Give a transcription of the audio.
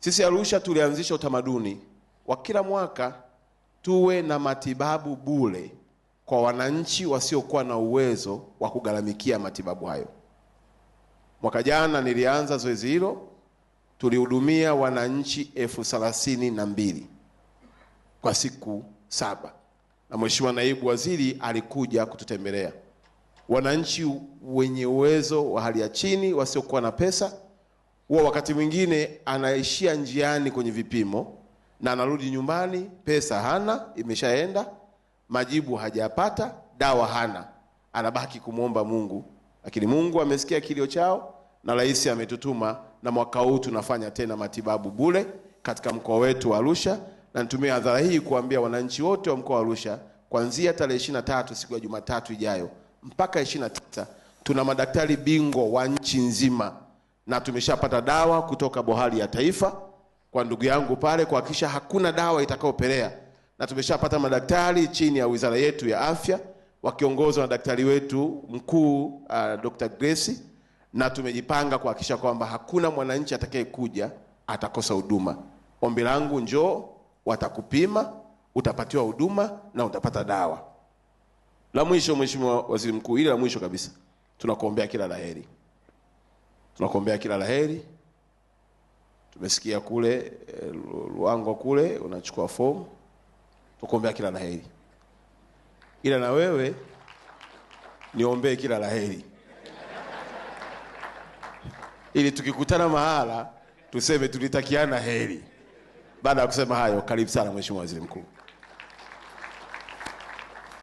Sisi Arusha tulianzisha utamaduni wa kila mwaka tuwe na matibabu bule kwa wananchi wasiokuwa na uwezo wa kugaramikia matibabu hayo. Mwaka jana nilianza zoezi hilo, tulihudumia wananchi elfu thelathini na mbili kwa siku saba, na Mheshimiwa Naibu Waziri alikuja kututembelea. Wananchi wenye uwezo wa hali ya chini wasiokuwa na pesa huwa wakati mwingine anaishia njiani kwenye vipimo na anarudi nyumbani, pesa hana, imeshaenda, majibu hajapata, dawa hana, anabaki kumwomba Mungu. Lakini Mungu amesikia kilio chao na rais ametutuma, na mwaka huu tunafanya tena matibabu bure katika mkoa wetu wa Arusha, na nitumie hadhara hii kuambia wananchi wote wa mkoa wa Arusha kuanzia tarehe 23 siku ya Jumatatu ijayo mpaka 29 tuna madaktari bingwa wa nchi nzima na tumeshapata dawa kutoka bohari ya taifa kwa ndugu yangu pale kuhakikisha hakuna dawa itakayopelea, na tumeshapata madaktari chini ya wizara yetu ya afya wakiongozwa na daktari wetu mkuu uh, Dr. Grace, na tumejipanga kuhakikisha kwamba hakuna mwananchi atakayekuja atakosa huduma. Ombi langu njoo, watakupima, utapatiwa huduma na utapata dawa. La mwisho, Mheshimiwa Waziri Mkuu, ile la mwisho kabisa, tunakuombea kila laheri tunakuombea kila laheri. Tumesikia kule eh, Luangwa kule unachukua fomu, tukuombea kila laheri, ila na wewe niombee kila laheri ili tukikutana mahala tuseme tulitakiana heri. Baada ya kusema hayo, karibu sana Mheshimiwa Waziri Mkuu.